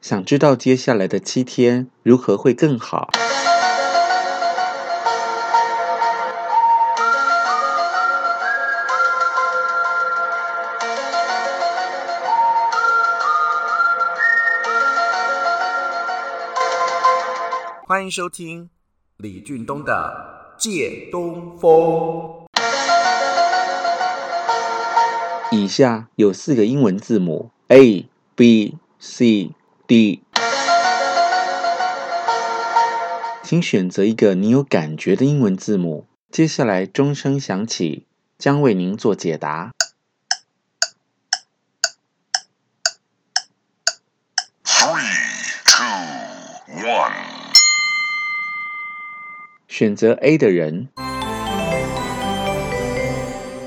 想知道接下來的七天如何會更好？歡迎收聽李俊東的《借東風》。以下有四個英文字母：A、B、C。D，請選擇一個你有感覺的英文字母。接下來鐘聲響起，將為您做解答。Three, two, one。選擇 A 的人，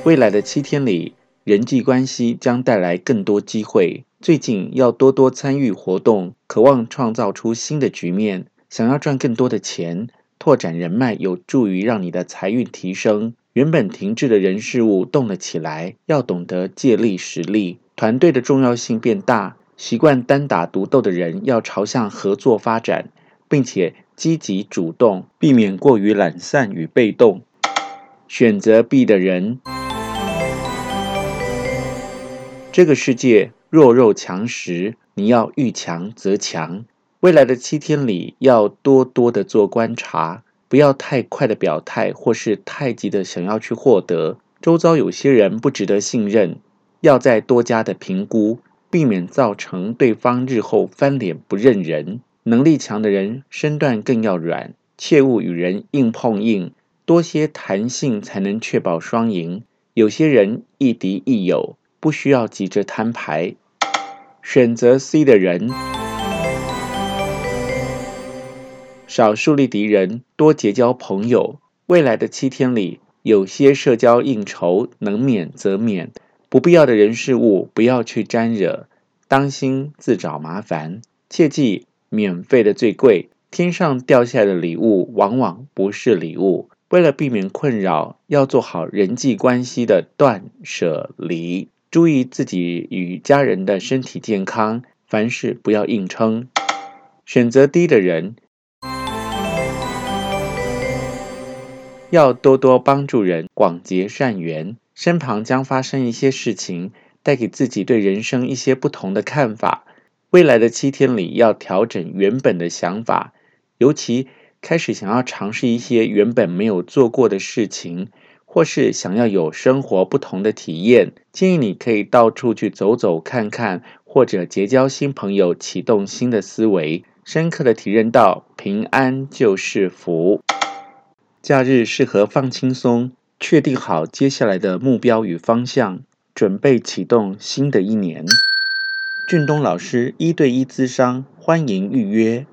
未來的七天裡，人際關係將帶來更多機會。最近要多多參與活動，渴望創造出新的局面，想要賺更多的錢，拓展人脈，有助於讓你的財運提升。原本停滯的人事物動了起來，要懂得借力使力，團隊的重要性變大。習慣單打獨鬥的人要朝向合作發展，並且積極主動，避免過於懶散與被動。選擇 B 的人，這個世界。弱肉強食，你要遇強則強。未來的七天裡，要多多的做觀察，不要太快的表態，或是太急的想要去獲得。周遭有些人不值得信任，要再多加的評估，避免造成對方日後翻臉不認人。能力強的人身段更要軟，切勿與人硬碰硬，多些彈性才能確保雙贏。有些人亦敵亦友，不需要急着攤牌。選擇 C 的人，少樹立敵人，多結交朋友。未來的七天裡，有些社交應酬能免則免，不必要的人事物不要去沾惹，當心自找麻煩。切記，免費的最貴，天上掉下來的禮物往往不是禮物。為了避免困擾，要做好人際關係的斷捨離。注意自己與家人的身體健康，凡事不要硬撐。選擇 D 的人，要多多幫助人，廣結善緣。身旁將發生一些事情，帶給自己對人生一些不同的看法。未來的七天裡，要調整原本的想法，尤其開始想要嘗試一些原本沒有做過的事情。或是想要有生活不同的體驗，建議你可以到處去走走看看，或者結交新朋友，啟動新的思維，深刻的體認到平安就是福。假日適合放輕鬆，確定好接下來的目標與方向，準備啟動新的一年。俊東老師一對一諮商，歡迎預約。